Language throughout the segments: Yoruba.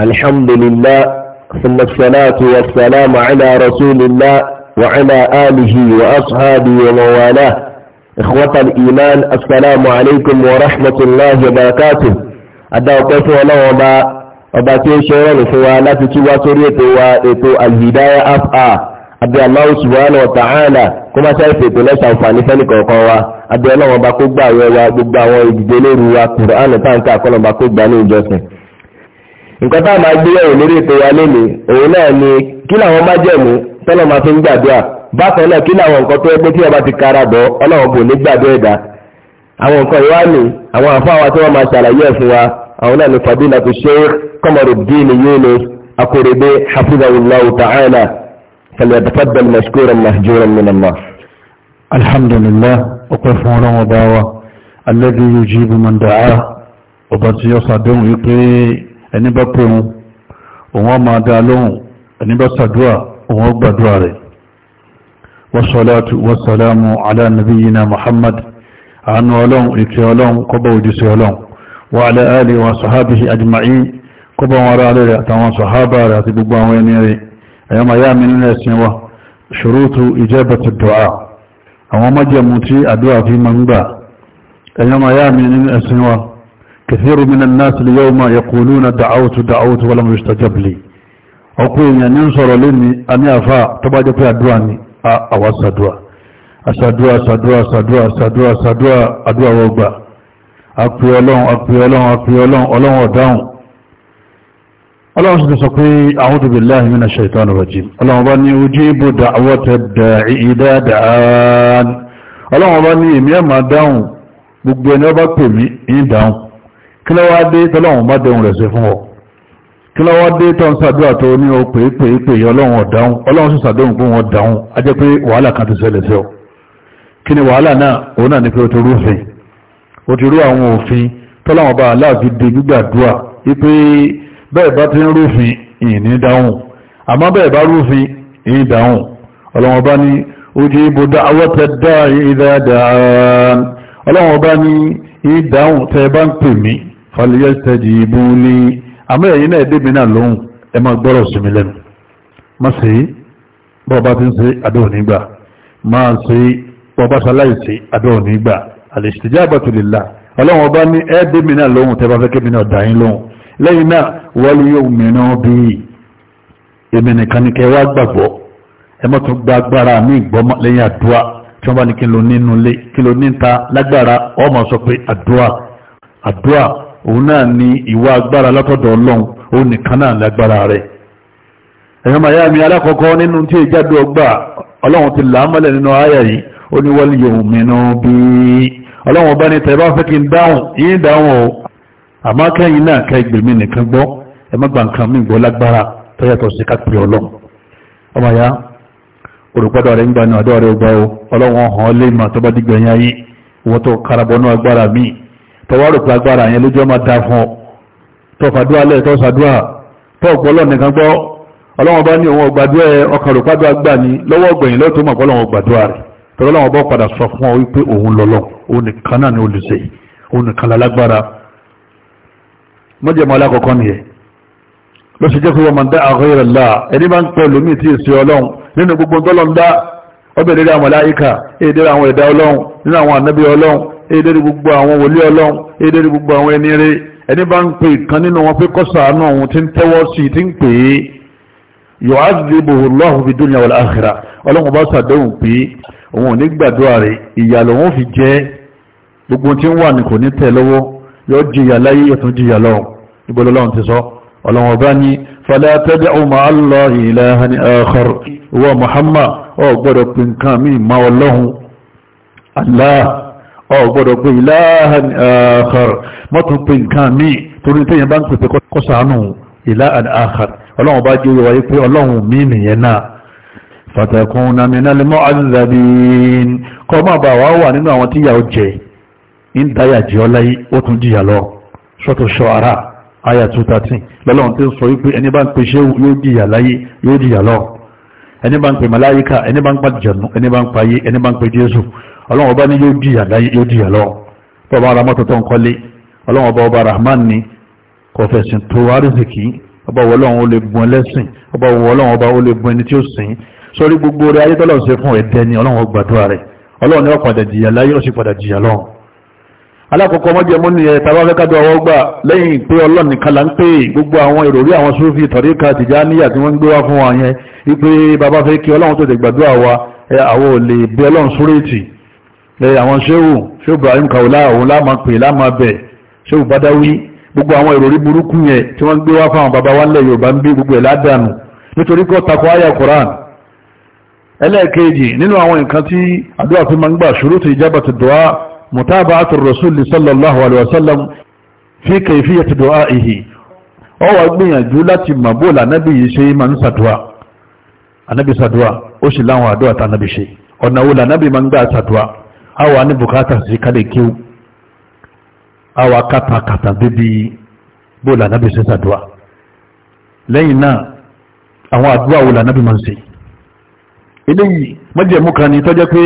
الحمد لله ثم الصلاة والسلام على رسول الله وعلى آله وأصحابه وموالاه إخوة الإيمان السلام عليكم ورحمة الله وبركاته أدعوكم الله وبا ọba tí ó ṣọ́rọ̀ ní fún wa láti tí wá sórí ètò wa ètò alhidaya afa abdulhamid subhanahu wa ta'ala kó má ṣe ètò lẹ́sà àǹfààní fẹ́ni kọ̀ọ̀kan wa abdulhamid ọba kó gbà wẹ́ wa gbogbo àwọn ìdíje lóru wa kùránù táǹkà kọ́nà ọba kó gbà ní ìjọsìn nǹkan tá a máa gbé yẹ̀wò lórí ètò wa lónìí òun náà ni kí làwọn májẹ̀mú tọ́lọ́ máa fi ń gbàdúrà bákan náà kí làwọn nǹkan tó ẹgbẹ́ tí ọba ti kára bọ̀ ọlọ́run bò ní gbàdúrà ẹ̀dá àwọn nǹkan ìwá ni àwọn àfáà wa tí wọ́n máa ṣàlàyé ẹ̀ fún wa àwọn náà ni fadilatu sheikh Qamaruddin Yunus Akorede hafizahullahu ta'ala falyatafaddal ẹni bá pẹ̀rún òun ọmọ adá lóhùn ẹni bá sàdúrà òun gbàdúrà rẹ̀ wassalatu wassalamu ala nabiyyina muhammad àánú ọlọ́run ìkẹ́ ọlọ́run kọba òjísẹ́ ọlọ́run wa ala alihi wa sahabihi ajma'in kọba wọn ará rẹ̀ àtàwọn sahaba rẹ̀ àti gbogbo àwọn ẹni rẹ̀ ẹ̀yọ́ ma yá كثير من الناس اليوم يقولون دعوت دعوت ولم يستجب لي ọkùnrin èèyàn ní ń sọ̀rọ̀ lónìí a ní àfá tó bá jẹ́ pé àdúrà ní àwà sàdúrà àsàdúrà sàdúrà sàdúrà sàdúrà sàdúrà àdúrà wọgbà àpè ọlọ́run àpè ọlọ́run àpè ọlọ́run ọlọ́run ọ̀dáhùn ọlọ́run sì ti sọ pé a'udhu billahi minash shaitani rajim ọlọ́run bá ní ujibu da'wata da'i idha da'an ọlọ́run bá ní èmi ẹ̀ máa dáhùn gbogbo ẹni ọba pè mí ń dáhùn kí ló wá dé tọ́lọ́wọ́n bá dẹ̀hùn rẹ̀ sí fún ọ kí ló wá dé tọ́ ń sàdúrà tó ní o pè é pè é pè é ọlọ́run ọ̀dáhùn ọlọ́run sì sàdéhùn pé wọ́n dáhùn á jẹ́ pé wàhálà kan ti ṣẹlẹ̀ sí ọ kí ni wàhálà náà òun náà ni pé o ti rúfin o ti rú àwọn òfin tọ́lọ́wọ́n bá aláàfin di gbígbàdúrà wípé bẹ́ẹ̀ bá ti ń rúfin ìní dáhùn àmọ́ bẹ́ẹ̀ bá rúfin ìní dáhùn ọlọ́run bá ní ojú ibò dáwọ́tẹ̀ dáa ìdáadáa ọlọ́run bá ní ìdáhùn tẹ́ bá ń pè mí fàlìyẹ́sẹ̀jìbú ní àmọ́ ẹ̀yìn náà débi náà lóhùn ẹ máa gbọ́rọ̀ sí mi lẹ́nu má sí bọ́ọ̀bá ti ń ṣe àdóò nígbà máa sí bọ́ọ̀bá ṣaláìsí àdóò nígbà al-istijabatu lillah ọlọ́run ọba ní ẹ débi náà lóhùn tẹ́ bá fẹ́ kébi náà dàáyín lóhùn lẹ́yìn náà wọ́n lè yóò mìíràn bí èmi nìkan ní kẹ́ wá gbàgbọ́ tí wọ́n bá ní kí ló nínú ilé kí ló níta lágbára ọmọ sọ pé àdúrà òun náà ni ìwà agbára látọ̀dọ̀ ọlọ́run òun nìkan náà lágbára rẹ̀ ẹ̀yọ́ màá yá mi alákọ̀ọ́kọ́ nínú tí ìjádò ọgbà ọlọ́run ti là nínú yìí ó ní wọ́n yóò bí ọlọ́run bá ní dáhùn o àmọ́ kẹ́yìn náà kẹ́ ìgbè mi ọlọ́run ya tọwárò pé agbára yẹn lójú ọmọ da fún ọ tọfàdúrà lẹ tọsàdúrà tọpọ ọlọ́nìkan gbọ́ ọlọ́wọ́n bá ní òun ọgbàdúrà ẹ ọkàn rò pàdúrà gbà ní lọ́wọ́ ọgbẹ̀yìn lọ́tọ́ mọ̀ pé ọlọ́wọ́n gbàdúrà rẹ̀ tọ́lọ́ làwọn bá padà sọ fún ọ wípé òun lọ́lọ́ òun ni olùṣe òun nìkan lálágbára mọ́jẹ̀mọ́ alákọ̀ọ́kọ́ nìyẹn ló ṣe jẹ́ pé wọ́n máa edere gbogbo àwọn wòlíì ọlọ́run edere gbogbo àwọn ẹni rẹ̀ ẹni bá ń pè kan nínú wọn pé kọ́sàánù ọ̀hún ti ń tẹ́wọ́ sí i ti ń pè é yóò á di bòhùn lọ́hùn fi dunya wal akhira ọlọ́run bá sàdéhùn pé òun ò ní gbàdúrà rẹ̀ ìyà lòun fi jẹ́ gbogbo tí ń wà ní kò ní tẹ̀ lọ́wọ́ yóò jìyà láyé yóò tún jìyà lọ́hùn níbo lọ́hùn ti sọ ọlọ́run ọba ní fala tad'u ma'a Allahi ilahan akhar wa Muhammad ọ̀ gbọ́dọ̀ pè ma ọlọ́hun Allah ọ̀gbọ́dọ̀ pé ìlàhàn àkhàr eh, mọ́tún pé nǹkan míì torí tẹ́yìn bá ń pèpè kọ́sàánù ìlàhàn àkhàr ọlọ́run bá jẹ́ wáyé pé ọlọ́run mí nìyẹn náà fatakun namina limọ́ azabin kọ́ máa bá wá wà nínú àwọn tíyà ó jẹ ń dáyà jẹ́ ọláyé ó tún jìyà lọ ṣọ́tò ṣọ́ara àyà 213 lọ́lọ́run tí ń sọ wípé ẹni bá ń pè ṣé yóò jìyà láyé yóò jìyà lọ ẹni bá ń pè màláyíkà ẹni bá ń pa ẹni bá ń pa ẹni bá ń pè Jésù ọlọ́run ọba ní yóò jìyà láyé yóò jìyà lọ́wọ́ tó bá ara mọ́tò tó ń kọ́lé ọlọ́run ọba ọba rahman ni kò fẹ̀sìn tó arísìkí ọba wọ ọlọ́run ó lè bùn ẹlẹ́sìn ọba wọ ọlọ́run ó lè bùn ẹni tí ó sìn sórí gbogbo rẹ ayétọ́lọ́ ṣe fún ẹ̀dẹ́ ni ọlọ́run gbàdúrà rẹ̀ ọlọ́run ni ó padà jìyà láyé ó àwọn ò lè bẹ ọlọ́run súrètì lẹ́yìn àwọn ṣéhù ṣéhù Ibrahim Kaula òun láàmà pè láàmà bẹ̀ ṣéhù Badawi gbogbo àwọn ìròrí burúkú yẹn tí wọ́n gbé wá fáwọn bàbá wa nílẹ̀ Yorùbá ń bí gbogbo ẹ̀ ládàánù nítorí kọ́ takọ àyà Koran ẹlẹ́ẹ̀kejì nínú àwọn nǹkan tí àdúrà fi máa ń gbà ṣurutu ijabati du'a mutaba'atu Rasul sallallahu alaihi wasallam fi kayfiyati du'aihi ó wá gbìyànjú láti mọ̀ bó lànàbì yìí ṣe máa ń ṣàdúrà ànàbì ṣàdúrà ó sì láwọn àdúrà tànàbì ṣe ọ̀nà wo lànàbì máa ń gbà ṣàdúrà a wà ní bùkátà sí kálí kíw a wà kàtàkàtà débi bóòlù ànábì ṣe ṣàdúrà lẹ́yìn náà àwọn àdúrà wo lànábì máa ń ṣe eléyìí mọ́jẹ̀mú kan ni tọ́jẹ́ pé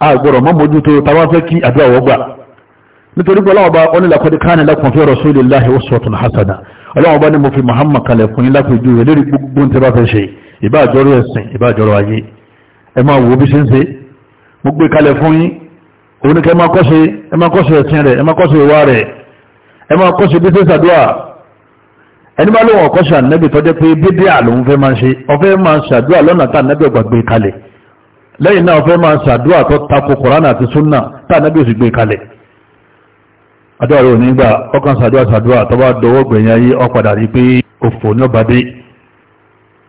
a gbọ́dọ̀ mọ́ mójútó táwọn fẹ́ kí àdúrà wọ́n gbà nítorí pé ọlọ́wọ́ bá wọn nílẹ̀ kọ́dí káàní lakum fi rasulillahi uswatun hasana ọlọ́wọ́ bá ní mo fi Muhammad kalẹ̀ fún yín lápẹjú rẹ̀ lórí gbogbo tí bá fẹ́ ṣe ìbá àjọrò ẹ̀sìn ìbá àjọrò ayé ẹ máa wo bí ṣe ń ṣe mo gbé kalẹ̀ fún yín òun ní kẹ́ máa kọ́ṣe ẹ máa kọ́ṣe ẹ̀sìn rẹ̀ ẹ máa kọ́ṣe ìwà rẹ̀ ẹ máa kọ́ṣe bí ṣe ṣàdúrà ẹni bá lóun ọ̀kọ́ṣe ànẹ́bì tó jẹ́ pé bíbí àlòun fẹ́ máa ṣe ọfẹ́ máa ṣàdúrà lọ́nà tá ànẹ́bì ọgbà gbé kalẹ̀ lẹ́yìn náà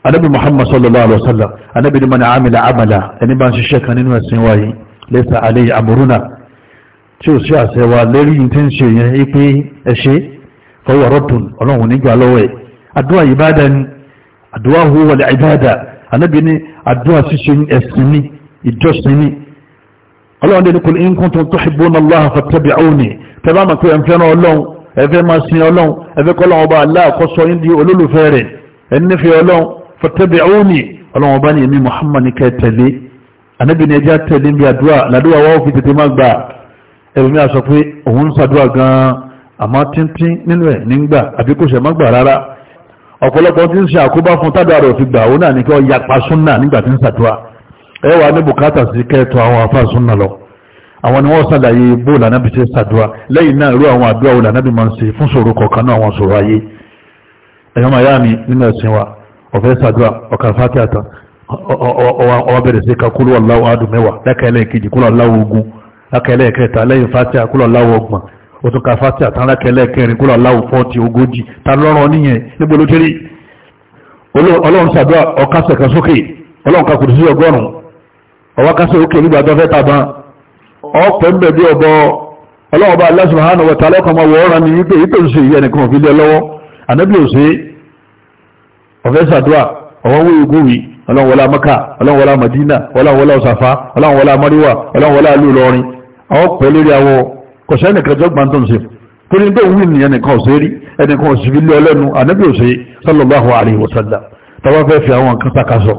anábì muhammad sallallahu alaihi wasallam anábì ni mọ́ni àmìlà àmàlà ẹni bá ń ṣiṣẹ́ kan nínú ẹ̀sìn wáyé lẹ́sà alẹ́ àmúrúnà tí ó sí àṣẹ wa lérí tí ń ṣe yẹn ipé ẹṣẹ́ fọwọ́ rọ́tùn ọlọ́run nígbà lọ́wọ́ ẹ̀ àdúrà ìbádà ni àdúrà huwa lè ìbádà anábì ni àdúrà ṣíṣe ẹ̀sìn ni ìjọsìn ni ọlọ́run dẹni kul in kuntum tuhibbuna allaha fattabi'uni tẹ́ bá mọ̀ pé ẹ̀fẹ́ náà ọlọ́run ẹ̀fẹ́ máa sin ọlọ́run ẹ̀fẹ́ kọ́lọ́run ọba aláàkọ́sọ yín di olólùfẹ́ rẹ̀ ẹ̀nífẹ́ ọlọ́run fọ̀tẹ́bẹ̀ọ́nì ọlọ́wọ́n bá ní èmi muhammad ní kẹ́ tẹ̀lé anábì ní ẹjá tẹ̀lé bí àdúrà làdúrà wọ́n fi tètè má gbà ẹ̀rùmí àsọ pé òun ń sàdúrà gan-an àmọ́ tíntín nínú ẹ̀ nígbà àbí kò ṣe má gbà rárá ọ̀pọ̀lọpọ̀ tí ń ṣe àkóbá fún tádà rẹ̀ fi gbà ó náà ní kí ọ yapa súnà nígbà tí ń sàdúrà ẹ wà ní bùkátà sí kẹ́ẹ̀tọ́ àwọn afá súnà lọ àwọn ni wọ́n sàlàyé bó lànàbì ṣe sàdúrà lẹ́yìn náà irú àwọn àdúrà wo lànàbì ń ṣe fún ṣòro kọ̀ọ̀kan àwọn ṣòro ayé ẹ̀yọ́mọ̀ yá mi nínú ẹ̀sìn wa ọ̀fẹ́ sàdúrà ọ̀kà fàtí àtà bẹ̀rẹ̀ sí ká ọ̀láwọ̀ adùn mẹ́wàá lákẹ́lẹ́ kejì kúlù ọ̀láwọ̀ ogun lákẹ́lẹ́ kẹta lẹ́yìn fàtí àkúlù ọ̀láwọ̀ ọgbọ̀n ó tún ká àtà kẹrin ọ̀láwọ̀ fọ́ọ̀tì ogójì ta lọ́rọ̀ níyẹn níbo ló ọlọ́run sàdúrà ọ̀fẹ́ sàdúà ọ̀wọ́n wí ìgúwì ọlọ́run wọlá maka ọlọ́run wọlá madina ọlọ́run wọlá ọ̀sàfà ọlọ́run wọlá mariwa ọlọ́run wọlá ìlú lọrin àwọn pẹ̀ lérí àwọn kọ̀ṣẹ́ nìkan jọ gbàǹtọ̀ ṣe torí pé òun nìyẹn nìkan ọ̀sẹ̀ rí ẹnìkan ọ̀sẹ̀ fi lé ọlẹ́nu ànábì òsè sallallahu alaihi wasallam tọ́wọ́ fẹ́ fi àwọn nǹkan takasọ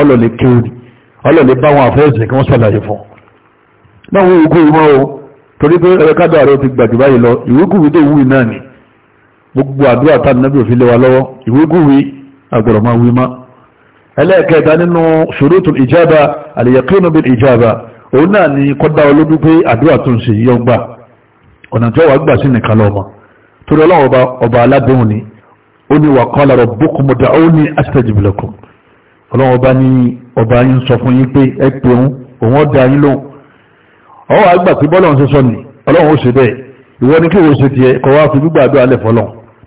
ọlọ́lẹ̀ kéwì ọlọ́lẹ̀ bá wọn àfẹ́sẹ̀ kí wọ́n ṣàlàyé fún báwọn ìwúkú ìmọ̀ o torí pé ẹ̀kádà rẹ̀ ti gbàjú báyìí lọ ìwúkú wí tó wù náà ni gbogbo àdúrà tá ànábì òfin lé wa lọ́wọ́ ìwúkú wí agbọ̀rọ̀ máa wí má ẹlẹ́ẹ̀kẹta nínú ṣurutul ìjábà al-yaqinu bil ìjábà òun náà ni kọ́dá olóbi pé àdúrà tó ń ṣe yọ gbà ọ̀nà tí ó wà gbà sí nìkan lọ́mọ torí ọlọ́run ọba aládéhùn ni ó ní wa qala rabbukum ud'uni astajib lakum ọlọ́run ọba ní ọba yín sọ fún yín pé ẹ pé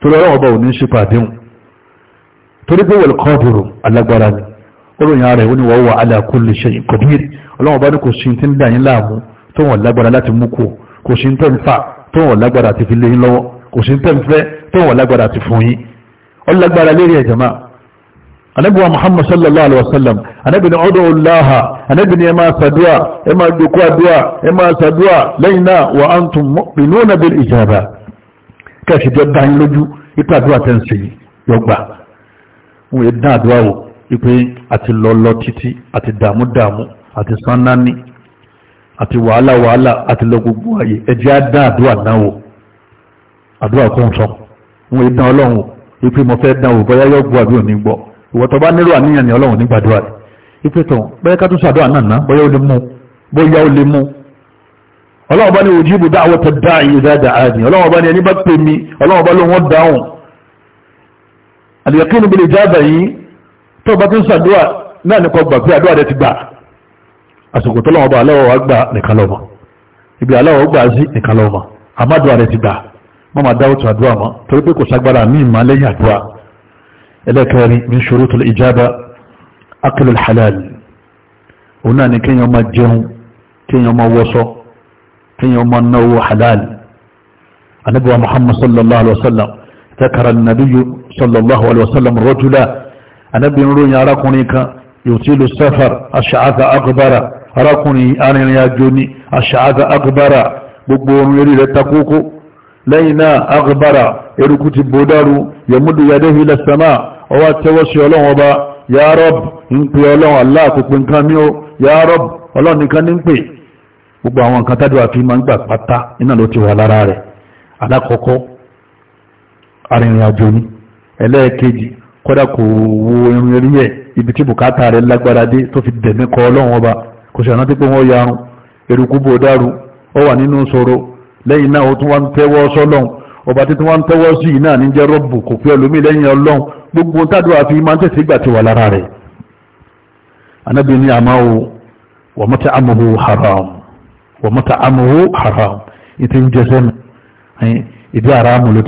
òun torí pé wọ̀lù kọ́ọ̀dùrù alágbára ni olóyìn ara ìwọ́n ni wọ́n wà ala kulli shay'in qadir ọlọ́wọ́n bá ní kò sí tí ń dà yín láàmú tó wọ̀n lágbára láti mú kú kò sí tẹ́ ń fà tó wọ̀n lágbára àti fi lé yín lọ́wọ́ kò sí tẹ́ ń fẹ́ tó wọ̀n lágbára àti fún yín ọlágbára lérí ẹ̀ jama anabiwa muhammad sallallahu alaihi wasallam anabi ni ọdọ olaha anabi ẹ máa sàdúà ẹ máa dùkú àdúà ẹ máa sàdúà lẹ́yìn náà wa antum mu'minuna bil ijaba kẹ́ẹ̀sì jọ dáyín lójú ipa àdúà tẹ́ ń sèyí yọgbà wọn yẹ dán àdúrà wò wípé àti lọ́lọ́ títí àti dààmú dààmú àti sánání àti wàhálà wàhálà àti lọ gbogbo ààyè ẹjẹ́ á dán àdúrà náà wò àdúrà kò ń sọ wọn yẹ dán ọlọ́run wò wípé mo fẹ́ dán wò bóyá yóò gbọ́ àbí òní gbọ́ ìwọ tó bá nílò àníyàn ní ọlọ́run nígbàdúrà rẹ̀ wípé tó bóyá ká tún sàdúrà náà ná bóyá ó lè mú bóyá ó lè mú ọlọ́run bá ní ojú ibùdó àwọn tó dá ìyẹn dáadáa ààyè ọlọ́run bá ní ẹni bá pè mí ọlọ́run bá lóun ó dáhùn àlìyàkínú bí lè jáàbà yìí tó bá tí ń sàdúwà náà ní kọ gbà pé àdúwà rẹ ti gbà àsìkò tó lọ́wọ́ bá aláwọ̀ wá gbà nìkan lọ́wọ́ ibi aláwọ̀ gbà sí nìkan lọ́wọ́ àmàdùwà rẹ ti gbà má máa dáwọ́ tó àdúwà mọ́ torí pé kò sagbára ní ìmọ̀ lẹ́yìn àdúwà ẹlẹ́kẹrin min shurutul ijaba akilul halal òun náà ni kéèyàn máa jẹun kéèyàn máa wọṣọ kéèyàn máa náwó halal anabiwa muhammad sallallahu alaihi wa sallam ذكر النبي sallallahu alaihi wasallam rọ́júlá anábì ń ròyìn arákùnrin kan yòtílù safar aṣááta agbára arákùnrin arìnrìn àjò ní aṣááta agbára gbogbo orun eré rẹ̀ takókó lẹ́yìn náà agbára eruku ti bó dáru yẹmúdù yadéhi lẹ́sẹ̀má ọwá tẹ́wọ́ sí ọlọ́run ọba ya Rabb ń pè ọlọ́run aláàkópin nǹkan mi ó ya Rabb ọlọ́run nìkan ní ń pè gbogbo àwọn nǹkan tájú àfi máa ń gbà pátá iná ló ti wà lára rẹ̀ alákọ̀ọ́kọ́ arìnrìn àjò ní ẹlẹ́ẹ̀kejì kódà kò wo irun rí ẹ̀ ibi tí bùkátà rẹ̀ lágbára dé tó fi dẹ̀mí kọ ọlọ́run ọba kò sì rántí pé wọ́n yarun eruku bò dáru ó wà nínú sọ̀rọ̀ lẹ́yìn náà ó tún wá ń tẹ́wọ́ sọ́lọ́run ọba títí wá ń tẹ́wọ́ sí yìí náà níjẹ́ rọ́bù kò pé ẹlòmíì lẹ́yìn ọlọ́run gbogbo tádùá fi máa ń tẹ̀sí ìgbà tí wà lára rẹ̀ anábì ní àmà o wà mọ́tà haram wà mọ́tà haram ìtì ń jẹ sẹ́nu ìdí àrà amòlò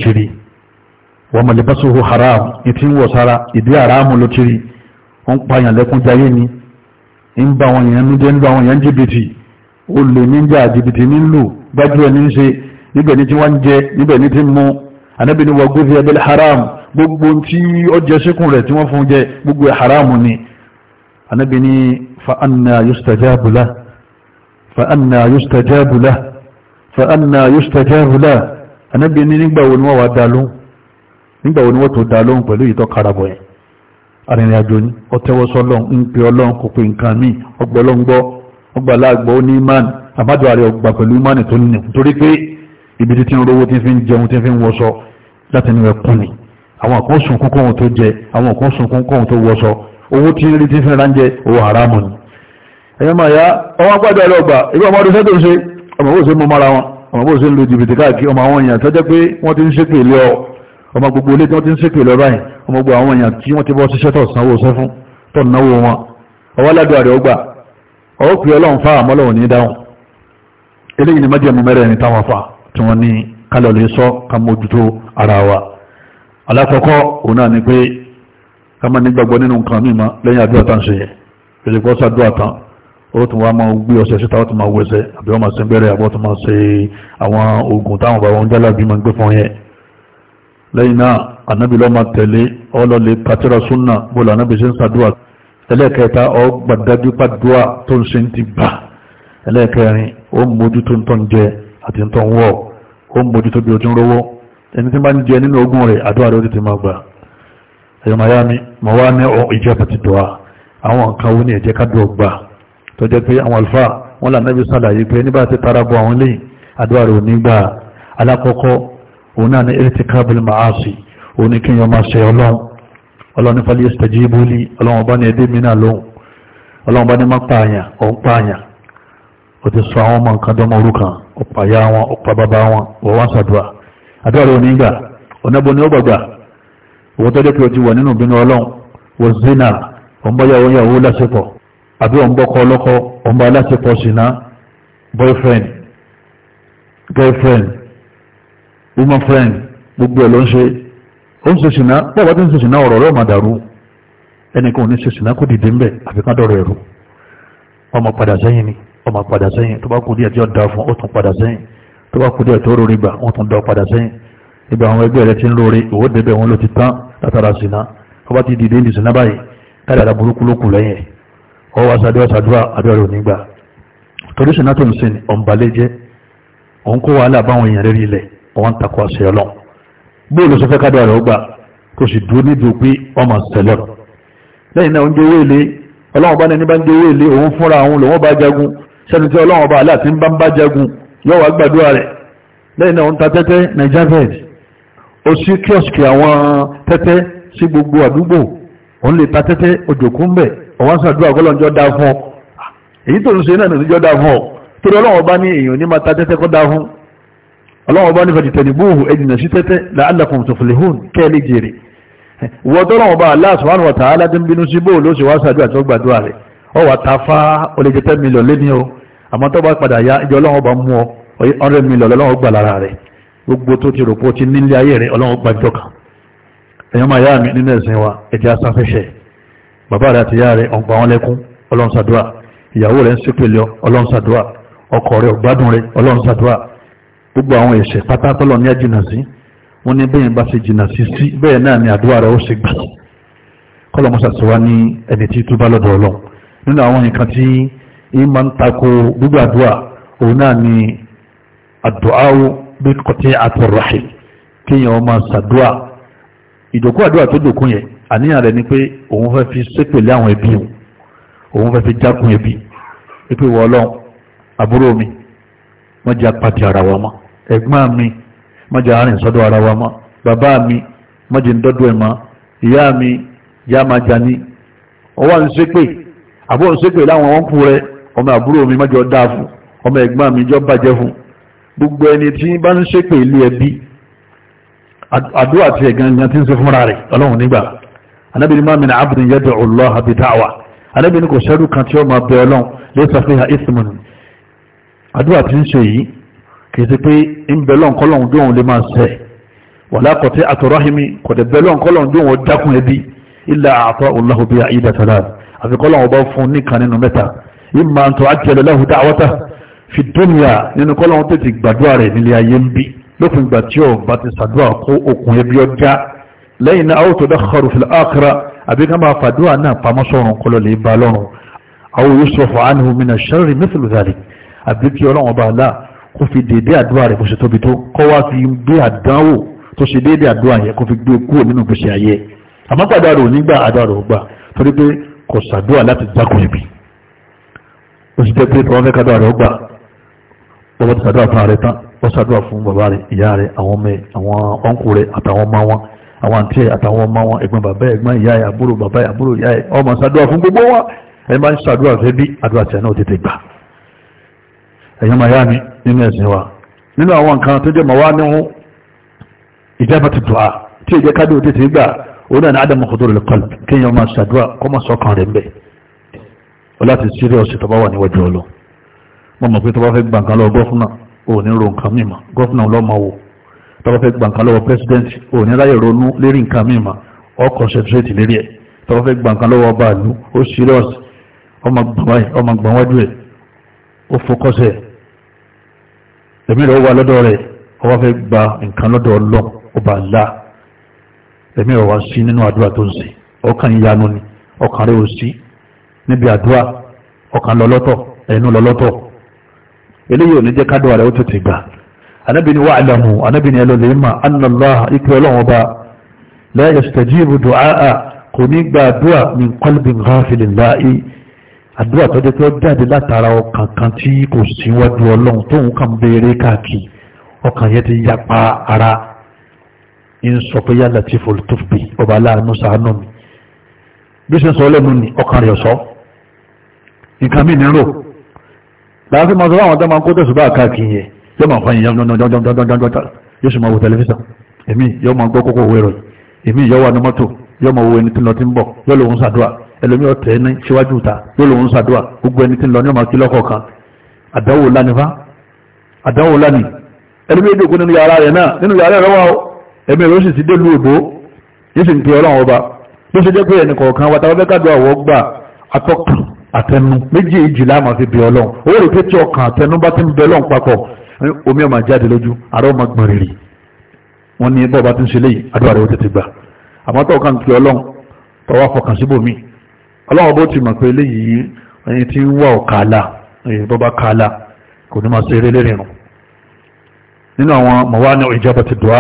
wọ́n mọ̀lẹ́bẹ́sọ̀hó haram ìtí ń wọ̀ sára ìdí àràmù ló kiri ó ń pààyàn lẹ́kún jayé ni ń bá wọn yẹn níjẹ́ ń bá wọn yẹn jìbìtì ó lè níjà jìbìtì nílò gbájú ẹni ń ṣe níbẹ̀ ní tí wọ́n ń jẹ níbẹ̀ ní tí ń mú anábì ní wọ́n gbófin ẹbẹ̀ haram gbogbo tí ó jẹ síkùn rẹ̀ tí wọ́n fún jẹ gbogbo haram ni anábì ní fa anna yustajabu lah fa anna anábì ní nígbà wo ni wọ́n wà dá lóhùn nígbà wo ni wọ́n tó da lóhùn pẹ̀lú ìtọ́ karabọ̀ yẹn arìnrìn àjò ni ọtẹ́wọ́sọ́ lọ́hùn ń pe ọlọ́hùn kò pe nǹkan míì ọgbọ́ ọlọ́hùn gbọ́ ọgbà láàgbọ́ ó ní imáàni àbájọ àrẹ ọgbà pẹ̀lú imáàni tó nìyẹn torí pé ibi tí ń rówó tí ń fi ń jẹun tí ń fi ń wọṣọ láti inú ẹkùn ni àwọn kan sunkún kóhun tó jẹ àwọn kan sunkún kóhun tó wọṣọ owó tí ń rí tí ń fi ń ránjẹ owó haramu ni. ẹ̀yẹ́ máa ọmọ gbogbo ilé tí wọ́n ti ń ṣépè lọ báyìí ọmọ gbogbo àwọn èèyàn tí wọ́n ti bọ́ ṣiṣẹ́ tọ̀ sanwó sọ fún tọ̀ náwó wọn ọwọ́ ládùá rẹ̀ ọwọ́ pè ọlọ́run fáà mọ́lọ́run ní dáhùn eléyìí ni májẹ̀mú mẹ́rẹ̀ ní táwọn fà tí wọ́n ní kálọ̀ lè sọ ká mójútó ara wa alákọ̀ọ́kọ́ òun náà ni pé ká má nígbàgbọ́ nínú nǹkan mímọ́ lẹ́yìn àdúrà tá ń ṣe yẹn ìrìkọ́ sàdúrà tán ó tún wá máa gbé ọ̀sẹ̀ síta ó tún máa wẹsẹ̀ àbí lẹ́yìn náà ànábì lọ́mọ tẹ̀lé ọlọ́lẹ̀ tàtírà súnà bọ́ọ̀lù ànábì ṣe ń sàdúà ẹlẹ́ẹ̀kẹta ọgbàdájú pàdúà tó ń ṣe ń ti bà ẹlẹ́ẹ̀kẹrin ó ń mójútó ń tọ́ ń jẹ àti ń tọ́ ń wọ̀ ó ń mójútó bí ojú ń rówó ẹni tí bá ń jẹ nínú ogún rẹ̀ àdúrà rẹ̀ ó tètè máa gbà ẹ̀yọ́ miami mọ̀ wá ní ìjẹ́pẹ̀ ti dùn àwọn nǹkan wo ní ẹ̀jẹ̀ kádùn gbà alákọ̀ọ́kọ́ òun náà ní irtikabul maasi òun ní kí n yọ máa ṣe ọlọ́run ọlọ́run ní fali yastajibu li ọlọ́run bá ní ẹdí mi náà lóhùn ọlọ́run bá ní má pààyàn òun pààyàn ó ti sọ àwọn ọmọ nǹkan dọ́mọ orúkàn ọ̀pàyà wọn ọ̀pá bàbá wọn wọ́n wá sàdúrà àdúrà rẹ̀ onígbà ọ̀nàbọ̀ zina boyfriend girlfriend woman friend gbogbo ẹ̀ ló ń ṣe ó ń ṣe ṣìnà bọ́ọ̀bá tí ń ṣe ṣìnà ọ̀rọ̀ rẹ̀ máa dàrú ẹnìkan ò ní ṣe ṣìnà kó dìde ń bẹ̀ àfikán dọ̀rọ̀ ẹ̀rù ọmọ padà sẹ́yìn ni ọmọ padà sẹ́yìn tó bá kú díẹ̀ tí ó da fún ó tún padà sẹ́yìn tó bá kú díẹ̀ tó rò rí gbà ó tún da padà sẹ́yìn ibà àwọn ẹgbẹ́ rẹ ti ń lóore òwò débẹ̀ wọn ló ti tán látara ṣìnà tó bá ti dìde ní ṣìnà báyìí kádàdà ọ̀wọ́n takọ àṣẹ ọlọ́run bóòlù sọ fẹ́ ká dọ̀rọ̀ ọgbà kò sì dúró níbi pé ọmọ sẹlẹ̀ lẹ́yìn náà oúnjẹ owó èlé ọlọ́run bá ní bá ń jẹ owó èlé òun fúnra òun lòun bá jagun sẹ́ni tí ọlọ́run bá aláàtí ń bá ń bá jagun yóò wá gbàdúrà rẹ̀ lẹ́yìn náà òun ta tẹ́tẹ́ Niger vet ó sí kíọ̀sìkì àwọn tẹ́tẹ́ sí gbogbo àdúgbò òun lè ta tẹ́tẹ́ òjòkú ń bẹ̀ ọ̀wọ́n sàdúrà kọ́lọ́njọ́ dáa fún ọ èyí tó ń ṣe náà nìjọ́ dáa fún ọ torí ọlọ́run bá ní èèyàn ní máa ta tẹ́tẹ́ kọ́ dáa fún ọlọ́wọ́n bá ní fàjìtẹ̀nìbóhù ẹjìnà sí tẹ́tẹ́ la'allakum tuflihun kẹ́lì jèrè wọ́tọ́lọ́wọ́n bá Allah subhanahu wa ta'ala dín bínú sí bóòlù ó sì wá sàájú àti ọgbàdúrà rẹ̀ ọ wà ta fá olèjẹtẹ́ mílíọ̀n lé ní o àmọ́ tó bá padà ya ìjọ ọlọ́wọ́n bá mú ọ ọ̀rẹ́ mílíọ̀n lọ́wọ́ gbà lára rẹ̀ gbogbo tó ti rẹ̀ ọlọ́run ṣàdúrà gbogbo àwọn ẹ̀ṣẹ̀ pátákọ́lọ̀ ní àjìnà sí wọ́n ní bẹ́ẹ̀ bá ṣe jìnà sí sí bẹ́ẹ̀ náà ni àdúrà rẹ̀ ó ṣe gbà kọ́lọ̀mọ́sà ti wá ní ẹni tí túbá lọ́dọ̀ ọlọ́run nínú àwọn nǹkan tí ń máa ń tako gbogbo àdúrà òun náà ni àdúrà bí kọtí àtọ̀rọ̀hì kéèyàn máa ṣàdúrà ìdòkú àdúrà tó dòkú yẹn àníyàn rẹ̀ ni pé òun fẹ́ fi ṣépèlé àwọn ẹbí òun òun fẹ́ fi jákun ẹbí pípé wọ ọlọ́run àbúrò mi wọ́n jẹ́ apàdé ara wa mọ́ ẹ̀gbọ́n mi mọ́jà àárín sọ́dọ̀ ara wa mọ́ bàbá mi mọ́jì ń dọ́dọ̀ ẹ̀ mọ́ ìyá mi yá máa jà ní ọwọ́ ń ṣépè àbọ̀ ń ṣépè láwọn wọn kú rẹ ọmọ àbúrò mi mọ́jọ dáa fún ọmọ ẹ̀gbọ́n mi jọ bàjẹ́ fún gbogbo ẹni tí bá ń ṣépè ilé ẹbí àdúrà ti ẹ̀gangan tí ń ṣe fúnra rẹ̀ ọlọ́run nígbà anábì ní mọ́mí ní abdul yẹ́dọ̀ kìí ṣe pé ń bẹ lọ́n kọ́lọ́n dún òun lè máa sẹ̀ wàlá kọ̀tí àtọ̀rọ̀hìnmi kọ̀dẹ̀ bẹ lọ́n kọ́lọ́n dún òun dákun ẹbí ilẹ̀ àtọ́ òláhùn bíi àyídà tàlá àfi kọ́lọ́n ọba fún nìkan nínú mẹ́ta ìmọ̀ àǹtọ̀ àjẹlẹ̀ lẹ́hùn dáwọ́tà fi dúnìyà nínú kọ́lọ́n tètè gbàdúrà rẹ̀ nílé ayé ń bí lópin ìgbà tí ó bá ti sàdúrà kó okùn ẹbí ọjà lẹ́yìn náà àwòtò dákàrò fìlà kó fi dédé àdúrà rẹ̀ kó ṣe tóbi tó kọ́ wá fi gbé àdánwò tó ṣe dédé àdúrà yẹn kó fi gbé kúrò nínú gbèsè ayé àmọ́ pàdé àrò nígbà àdúrà ò gbà torí pé kò ṣàdúrà láti dákun ẹ̀bí ó sì jẹ́ pé tọ́wọ́n fẹ́ kádùn àrò gbà ọwọ́ ti ṣàdúrà fún ààrẹ tán ó ṣàdúrà fún bàbá rẹ̀ ìyá rẹ̀ àwọn ọmọ àwọn ọ̀nkù rẹ̀ àtàwọn ọmọ wọn àwọn àǹtí ẹ̀ àtàwọn ọmọ wọn ẹ̀gbọ́n bàbá ẹ̀gbọ́n ìyá ẹ̀ àbúrò bàbá ẹ̀ àbúrò ìyá ẹ̀ ọmọ ṣàdúrà fún gbogbo wọn ẹ̀ máa ń ṣàdúrà fẹ́ bí àdúrà tí a náà tètè gbà ẹ̀yàn máa yá mi nínú ẹ̀sìn wa nínú àwọn nǹkan tó jẹ́ màwá ní ìjẹ́bà ti dùn á tí ìjẹ́ kádùn ti ti gbà ó náà ní ádámù kò tó lè kọlù kí èèyàn máa ṣàdúrà kó máa sọ kan rẹ̀ mbẹ́ ọ láti sírí ọ̀sẹ̀ tó bá wà níwájú concentrate lérí ẹ̀ tó bá fẹ́ gbà nǹkan lọ́wọ́ ọba àlú ó serious ẹ̀mí rẹ̀ wà lọ́dọ̀ rẹ̀ ọwọ́ fẹ́ gba nǹkan lọ́dọ̀ ọlọ́run ọba àlá ẹ̀mí rẹ̀ wá sí nínú àdúrà tó ń ṣe ọkàn ìyanu ni ọkàn rẹ̀ ò sí níbi àdúrà ọkàn lọ́lọ́tọ̀ ẹnu lọ́lọ́tọ̀ eléyìí ò ní jẹ́ kádùn rẹ̀ ó tètè gbà anábìíní wà àlàmù anábìíní ẹ lọ́lẹ̀ ìmà anàlá ìpè ọlọ́run ọba la yastajibu du'a kò ní gba àdúrà min qalbin ghafilin láì àdúrà tó jẹ́ pé ó jáde látara ọkàn kan tí kò sí wájú ọlọ́run tóun kàn béèrè káàkiri ọkàn yẹn ti yapa ara ń sọ pé yálà tí fòlùtòfì ọba aláàánú sàánú mi bí ṣe ń sọ lẹ́nu ni ọkàn rẹ̀ sọ nǹkan mí nírò láàfin máa sọ fáwọn ọ̀dọ́ máa ń kó tẹ̀sùn bá káàkiri yẹn yóò máa fọyín yánjọ́njọ́njọ́njọ́njọ́ yóò sì máa wo tẹlifíṣàn èmi yóò máa gbọ́ kókó òwe rẹ̀ èmi yóò wà ní mọ́tò yóò máa wo ẹni tí lọ ti ń bọ̀ yóò lòun ṣàdúrà ẹlòmí ọ̀tẹ̀ ní síwájú ta yóò lòun ṣàdúrà gbogbo ẹni tí ń lọ ní ọmọ kí lọ́kọ̀ọ̀kan àdánwò ńlá nífá àdánwò ńlá ní ẹlòmí ìdòkú nínú yàrá rẹ̀ náà nínú yàrá rẹ̀ wá ẹ̀mí rẹ̀ ó sì ti dé lu òbó yóò sì ń pe ọlọ́run ọba ló ṣe jẹ́ pé ẹnì kọ̀ọ̀kan wa táwọn fẹ́ká dùn àwọ̀ gbà atọ́kàn àtẹnu méjì èjì láàmà fi bẹ ọlọ́run owó rẹ̀ pé tí ọkàn àtẹnu bá ti ń bẹ ọlọ́run papọ̀ omi ọmọ jáde lójú àrọ́ ọmọ gbọ̀n rírì wọ́n ní bọ́ọ̀ bá ti ń ṣe léyìí àdúrà rẹ̀ ó tètè gbà àmọ́ tọ́ọ̀kan ti ọlọ́run tọwọ́ fọkàn síbòmíì ọlọ́wọ́ bó ti mọ̀ pé léyìí ẹni tí ń wà ọ̀kàlà èyí bọ́bá kààlà kò ní máa ṣe eré lérí rùn nínú àwọn mọ̀wá ní ìjábà ti dùá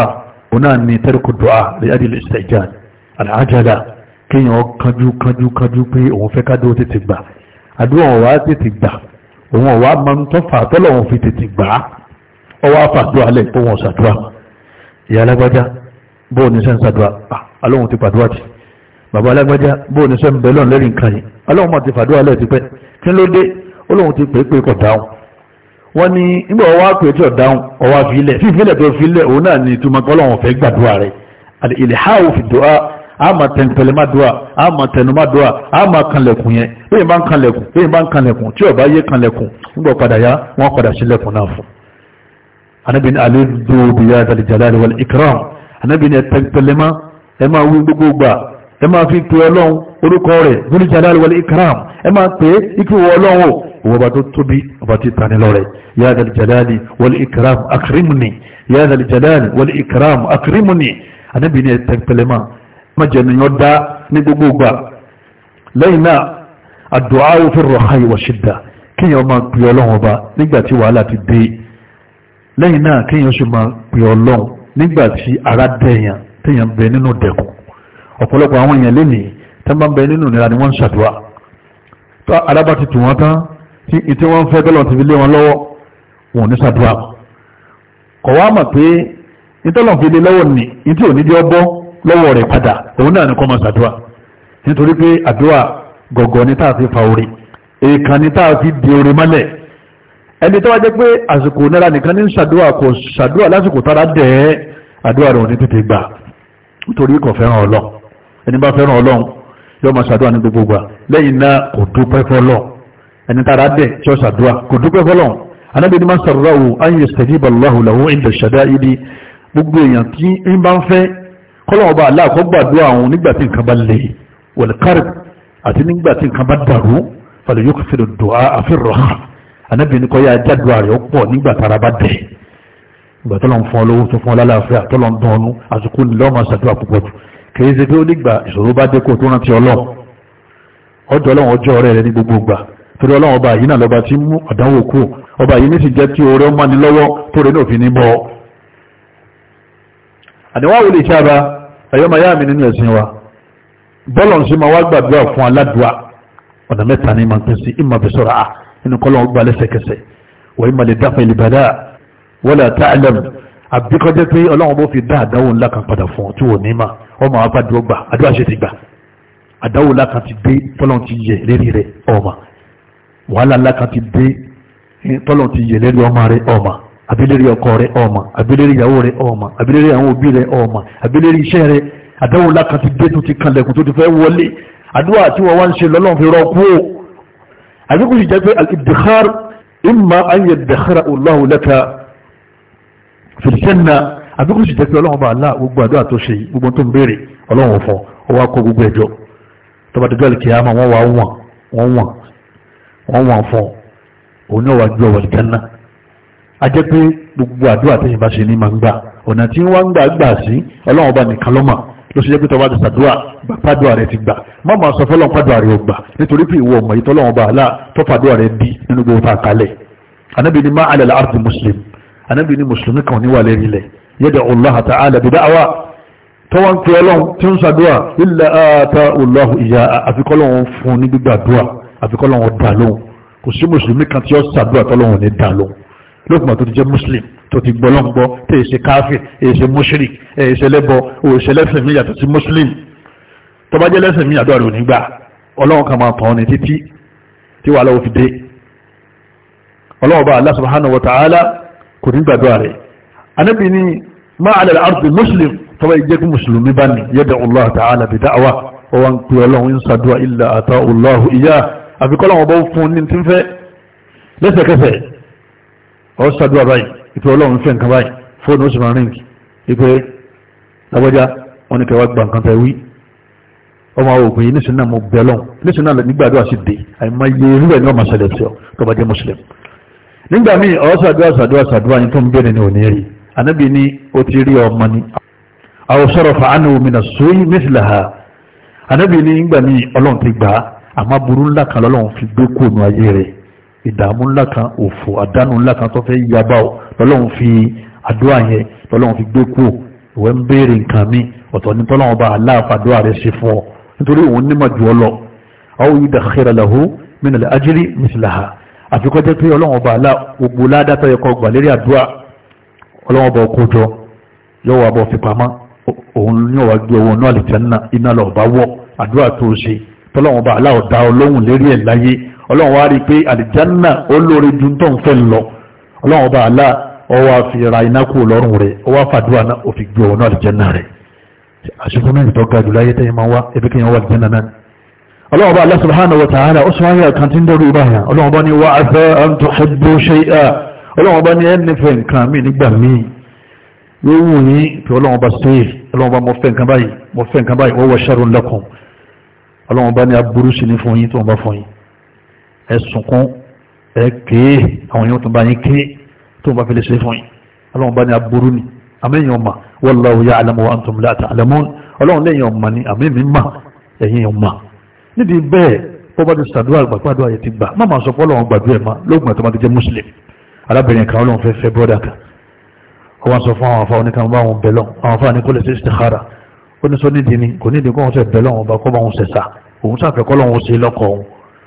òun náà ni tẹ́rìkù dùá lè yá dìlẹ̀ ìṣẹ̀jàn àlàájàdà kéèyàn kánjú kánjú kánjú pé òun fẹ́ ká dúró tètè gbà àdúrà ọ̀wá tètè gbà òun ọ̀wá máa ń tọ́fà tọ́lọ̀ òun fi tètè gbà ọwọ́ àfàdúrà lẹ̀ pé wọ́n ṣàdúrà ìyá alágbájá bóun ní sẹ́ńsàdúrà àlóhun ti pàdúrà tì bàbá alágbájá bóun ní sẹ́mi bẹ́ẹ̀ lọ́n lẹ́rìí nǹkan yìí ọlọ́run máa ti fàdúrà lẹ́ẹ̀ ti pẹ́ kí ló dé ó lóun ti pè é pé kò dáhùn wọ́n ní nígbà wọ́n wá pè é tí ò dáhùn ọwọ́ àfilẹ̀ fífilẹ̀ tó filẹ̀ òun náà ni ìtumọ̀ ọlọ́run fẹ́ gbàdúrà rẹ̀ àti ìlẹ̀háwò fi dùn á ama tẹnpẹlẹmadua ama tẹnumadua ama kanlẹ̀kùn yẹn bẹ́ẹ̀ bá ń kanlẹ̀kùn bẹ́ẹ̀ bá ń kanlẹ̀kùn tí ó bá yé kanlẹ̀kùn ẹ máa fi pe ọlọ́run orúkọ rẹ̀ lórí jalal wal ikram ẹ máa pe ikú wọ ọlọ́run ìwọ ọba tó tóbi ọba tí tani lọ rẹ̀ ya dal jalali wal ikram akrimni ya dal jalali wal ikram akrimni anábì ní ẹ̀tẹ́ pẹlẹmà má jẹ́ nìyàn dá ní gbogbo gbà lẹ́yìn náà àdúà fi rọ̀háyì wà ṣídà kíyàn máa pe ọlọ́run ọba nígbà tí wàhálà ti dé lẹ́yìn náà kíyàn sì máa pe ọlọ́run nígbà tí ara dẹ̀yàn téèyàn bẹ nínú dẹ̀kùn ọ̀pọ̀lọpọ̀ àwọn èèyàn lé nìí tán bá ń bẹ nínú ìnira ni wọ́n ń ṣàdúrà tó alábà ti tù wọ́n tán tí ìtí wọ́n ń fẹ́ tọ́lọ̀ ti fi lé wọn lọ́wọ́ wọn ò ní ṣàdúrà kọ̀ wá mọ̀ pé ìtọ́lọ̀ fi lé lọ́wọ́ nì ìtí òní jẹ́ ọbọ́ lọ́wọ́ rẹ̀ padà òun náà ni kọ́ máa ṣàdúrà nítorí pé àdúrà gọ̀gọ̀ ni tá a fi fa orí èèkàn ni tá a fi di orí mọ́lẹ̀ ẹni tó wá jẹ́ pé àsìkò náírà nìkan ní ṣàdúrà kò ṣàdúrà lásìkò tára dẹ̀ àdúrà rẹ̀ òní tètè gbà nítorí kò fẹ́ràn Ọlọ́run ẹni bá fẹ́ràn ọlọ́run yóò máa ṣàdúrà ní gbogbo gbà lẹ́yìn náà kò dúpẹ́ fọlọ́ ẹni tààrà dẹ̀ tí ó ṣàdúrà kò dúpẹ́ fọlọ́ anábì ní máa ń sọ̀rọ̀ wò ayé ìṣẹ̀díbà lọ́hùn lọ́hùn ìdè ṣẹ̀dá ìdí gbogbo èèyàn tí ń bá ń fẹ́ kọ́lọ́wọ́ bá aláàkọ́ gbàdúrà òun nígbà tí nǹkan bá le wọ̀lẹ́kárì àti nígbà tí nǹkan bá dàrú falẹ̀ yóò fi dùn àfi rọ̀hà anábì ní kọ́ yá jádùá rẹ̀ ó pọ̀ nígbà tára bá dẹ̀ ìgbà fún ọ lówó tó fún ọ lálàáfíà tọ́lọ́ ń dán ọnú àsìkò nílọ́ọ̀mà ṣàdúrà púpọ̀ jù kìí ṣe pé ó nígbà ìṣòro bá dé kó tó rántí ọlọ́run ọjọ́ ọlọ́run ọjọ́ ọ̀rẹ́ rẹ ní gbogbo gbà torí ọlọ́run ọba yìí náà lọ́ba tí mú àdánwò kú ọba yìí ní sì jẹ́ kí oore ọmọ ni lọ́wọ́ tó rẹ náà fi ní bọ́ àdéhùn àwọn olùṣẹ́ ara ẹ̀yọ́mọ mi nínú ẹ̀sìn wa bọ́ọ̀lù ń sì máa wá gbàdúrà fún aládùá ọ̀nà mẹ́ta ní ma pín sí ìmọ̀ fi sọ̀rọ̀ à inú kọ́lọ́n gba lẹ́sẹ̀kẹsẹ̀ wọ́n ìmọ̀ lè dáfẹ́ ìlìbàdà wọ́n lè àbíkọ́jẹ́ pé ọlọ́run bó fi dá àdánwò ńlá kan padà fún ọ tí wò ní mà ọmọ wa gbàdúrà gbà àdúrà ṣe ti gbà àdáwò ńlá kan ti dé tọ́lọ́n ti yẹ lérí rẹ ọmọ wàhálà ńlá kan ti dé tọ́lọ́n ti yẹ lérí ọmọ rẹ ọmọ abilérí ọkọ rẹ ọmọ abilérí ìyàwó rẹ ọmọ abilérí àwọn òbí rẹ ọmọ abilérí iṣẹ́ rẹ àdáwò ńlá ti dé tó ti kanlẹ̀kùn tó ti fẹ́ wọlé àdúrà tí wọ́n wá ń ṣe lọ́lọ́run fi rọ́ọ̀kú o àbíkú sì jẹ́ pé al-iddikhar imma an yaddakhara Allahu laka àbí kò sì jẹ́ pé ọlọ́run bá aláà gbogbo àdúrà tó ṣe gbogbo tó ń béèrè ọlọ́run fún ọ wá kó gbogbo ẹjọ́ tọba dẹjọ́ lè kíyàmá wọ́n wá wọ̀n wọ́n wọ̀n wọ́n wọ̀n fún òun náà wá ju ọ̀wọ̀lì kánná a jẹ́ pé gbogbo àdúrà tẹ̀yìn bá ṣe ní máa ń gbà ọ̀nà tí wọ́n ń gbà gbà sí ọlọ́run bá nìkan lọ́mà ló ṣe jẹ́ pé tọba dẹ̀sàdúrà gbà pàdúrà rẹ ò gbà la ardi muslim anábì ni mùsùlùmí kan níwà lẹ́rìí lẹ̀ yẹ́dẹ̀ Allah ta'ala bí dáwà tó wọ́n pè ọlọ́run tí ń sàdúwà ilẹ̀ àtà olóhùn ìyá àfikọ́lọ́run fún ní gbígbàdúwà àfikọ́lọ́run dà lóhun kò sí mùsùlùmí kan tí ó sàdúwà tọ́lọ́run ní dà lóhun lókùnmọ̀ tó ti jẹ́ muslim tó ti gbọ́lọ́gbọ́ tí èsè káfí èsè mushrik èsè lẹ́bọ òsè lẹ́sìn mi yàtọ̀ sí muslim tó bá jẹ́ anábì ní máa alẹ́ àrùbí muslim tọ́wọ́ ìjẹ́kú mùsùlùmí bá ní yẹ́dà allah ta'ala bí dáwà ó wá ń pè ọlọ́run ń sàdúrà ilẹ̀ àtà allah ìyá àfikọ́lọ́wọ́ bá fún ní tí ń fẹ́ lẹ́sẹ̀kẹsẹ̀ ó sàdúrà báyìí ìpè ọlọ́run fẹ́ nǹkan báyìí fóònù oṣù márùn ìpè lágbájá wọn ni kẹwàá gba nǹkan fẹ́ wí ọmọ àwọn òpin yìí nísìnyí náà mo bẹ lọ nísìnyí náà nígbàdúrà sí dé àìmọye irú ẹ̀ náà máa ṣẹlẹ̀ sí ọ tó bá jẹ́ mùsùlùmí nígbà míì ọ̀ sàdúrà sàdúrà sàdúrà yìí tó ń bẹ́ẹ̀ ni ò ní anábì ní ó ti rí ọmọ ni àwọn sọ̀rọ̀ fàánù òmìnà sóyún mẹ́sìláha anábì ní ìgbà ní ọlọ́run ti gbà á àmọ́ burú ńlá kan lọ́lọ́run fi gbé kóònù ayé rẹ̀ ìdààmú ńlá kan òfò àdánù ńlá kan tó fẹ́ yaba ọ lọ́lọ́run fi àdúrà yẹn lọ́lọ́run fi gbé kóò ìwẹ́ ń béèrè nǹkan mi ọ̀tọ̀ ní tọ́lọ́run bá aláàfàdúrà rẹ̀ ṣe fún ọ nítorí òun nímọ̀ jù ọ àwọn yìí ọlọ́wọ́n bọ̀ kójọ yóò wà bọ̀ fipamọ́ òun yóò wá gbé owó náà lè tẹ́ ńnà iná lọ bá wọ̀ àdúrà tó ṣe tọ́lọ́wọ́n bá aláwọ̀ dá ọlọ́hun lérí ẹ̀ láyé ọlọ́wọ́n wá rí i pé àlìjánà ó lórí ju tó ń fẹ́ lọ ọlọ́wọ́n bá alá ọwọ́ àfi ra iná kú lọ́rùn rẹ̀ ọwọ́ àfàdúrà náà ò fi gbé owó náà àlìjánà rẹ̀ àṣìkò náà bá Allah subhanahu wa ta'ala ó sọ ń dọ́rù ibà yẹn bá ní wà á fẹ́ àǹtọ̀ ẹgbẹ́ ṣe é ọlọ́wọ́n bá ní ẹnìfẹ́ nǹkan mí nígbà míì yóò wù yín pé ọlọ́wọ́n bá sí ọlọ́wọ́n bá mọ fẹ́ nǹkan báyìí mọ fẹ́ nǹkan báyìí wọ́n wọ ṣàrùn lẹ́kùn ọlọ́wọ́n bá ní aburú sí ní fún yín tó wọ́n bá fún yín ẹ sunkún ẹ kéé àwọn yóò tún bá yín kéé tó wọ́n bá fi lè ṣe fún yín ọlọ́wọ́n bá ní aburú ni àmẹ́yìn ọmọ wallahu ya'lamu wa antum la ta'lamun ọlọ́wọ́n lẹ́yìn ọmọ arábìnrin kan olóhùn fẹ́ bọ́dà kan ó wá sọ fún àwọn afá oníkan bá wọn bẹ̀lọ́ àwọn afá ní kó lè ṣe istikhara ó ní sọ nídìí ni kò nídìí kó wọn ṣe bẹ̀lọ́ wọn bá kó bá wọn ṣẹ̀ṣà òun ṣàfẹ́ kọ́ lọ́wọ́ ṣe lọ́kọ̀ òun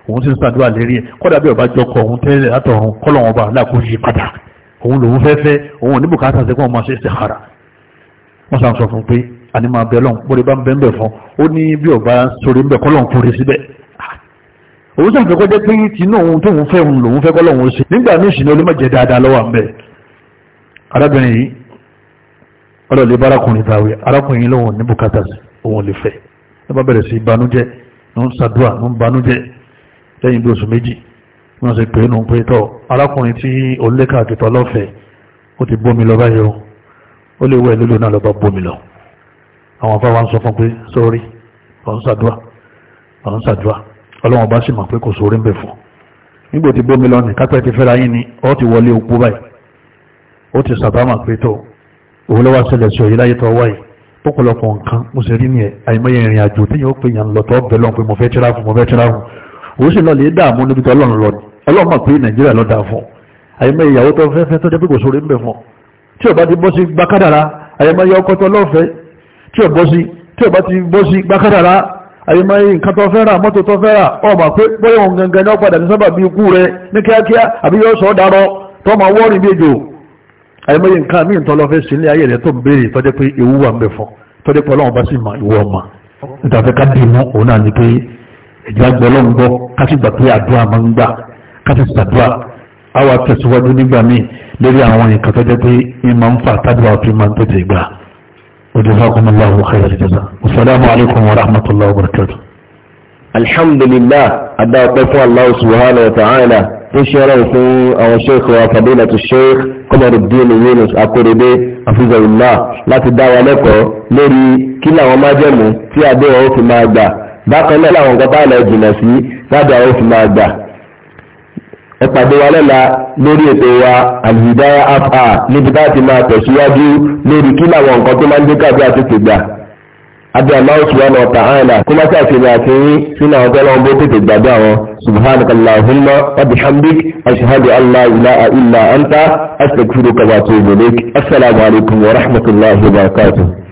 òun ti ń ṣàdúrà lérí ẹ̀ kọ́dà bí ọba jọkọ̀ òun tẹ́lẹ̀ látọ̀run kọ́ lọ́wọ́ bá láàkó yí padà òun lòun fẹ́ fẹ́ òun ò ní bùkátà sí kó wọn máa ṣe istikhara wọ́n sàn sọ fún pé àní máa bẹ̀lọ́ bóde bá ń bẹ́ẹ̀ bẹ̀ fún ó ní bí ọba sórí ń bẹ̀ kọ́ lọ́wọ́ kúrẹ́ síbẹ̀ òun sì fẹ́ kọ́ jẹ́ pé tinú òun tóun fẹ́ òun lòun fẹ́ kọ́ lọ́wọ́ sí nígbà míì sì ni olómọ̀jẹ̀ dáadáa lọ́wọ́ à ń bẹ̀ arábìnrin yìí ọlọ́ọ̀lẹ́ bárakùnrin tàwé arákùnrin yìí lòun ní bùkátà sí òun lè fẹ́ ẹ bá bẹ̀rẹ̀ sí ìbànújẹ́ ní ń ṣàdúrà ní ń banújẹ́ lẹ́yìn bí oṣù méjì wọ́n ṣe pé nù pé tọ́ arákùnrin tí olékà àtìtọ́ lọ́fẹ̀ẹ́ ọ̀hún ṣàdúrà ọ̀hún ṣàdúrà ọlọ́wọ́n bá sì mọ̀ pé kò sórí ń bẹ̀ fún nígbò tí bómi lọ ní kápẹ́ ti fẹ́ra yín ni ó ti wọlé opó báyìí ó ti sàbámà pé tó òun lọ́wọ́ ṣẹlẹ̀ sí òyìnlá yìí tó wáyé pọ̀pọ̀lọpọ̀ nǹkan mo sì rí nìyẹn àìmọye ìrìn àjò tí yóò pè yàn lọ́tọ́ bẹ̀ lọ́n pé mo fẹ́ tíra fún mo fẹ́ tíra fún òun sì lọ́ọ̀lì dààmú níbi tó ọlọ́run lọ àyèmáyé nǹkan tó fẹ́ rà mọ́tò tó fẹ́ rà ọmọ pé bóyá òun gangan ní ọ̀padà ní sábà bí ikú rẹ ní kíákíá àbí yóò sọ darọ tó máa wọ́ọ̀rìn bí ejò àyèmáyé nǹkan míì tó lọ fẹ́ sí ilé ayé rẹ tó ń béèrè tọ́jú pé ewu wà ń bẹ̀ fún tọ́jú pé ọlọ́run bá sì mọ ìwọ ọmọ nítorí ká dì mọ́ òun náà ni pé ìjà gbọ́ ọlọ́run gbọ́ ká sì gbà pé àdúrà máa ń gbà ká sì ṣàdúrà á wà tẹ̀síwájú nígbà míì lórí àwọn nǹkan tọ́jú pé ìmọ̀ ń fà tádùá fi máa ń tètè gbà وجزاكم الله خير الجزاء والسلام عليكم ورحمة الله وبركاته الحمد لله أدى طفو الله سبحانه وتعالى تشير في أو شيخ وفضيلة الشيخ قمر الدين يونس أقربي حفظه الله لا تدعوا لكم لري كلا وما جمو في أدوه في ما أدى bákan náà làwọn nǹkan bá lọ ẹ pàdé wa lọ́la lórí ètò wa alìdáyà afa níbi bá ti máa tẹ̀síwájú lórí kí làwọn nǹkan tó máa ń dé kàbí àti tìgbà abẹ́ aláwọ̀ subhanahu wa ta'ala kó má sí àṣírí àti yín sínú àwọn tọ́lọ́ bó tètè gbàdọ̀ àwọn subhanaka allahumma wa bihamdik ashhadu an la illa anta astaghfiruka wa wa rahmatullahi wa barakatuh.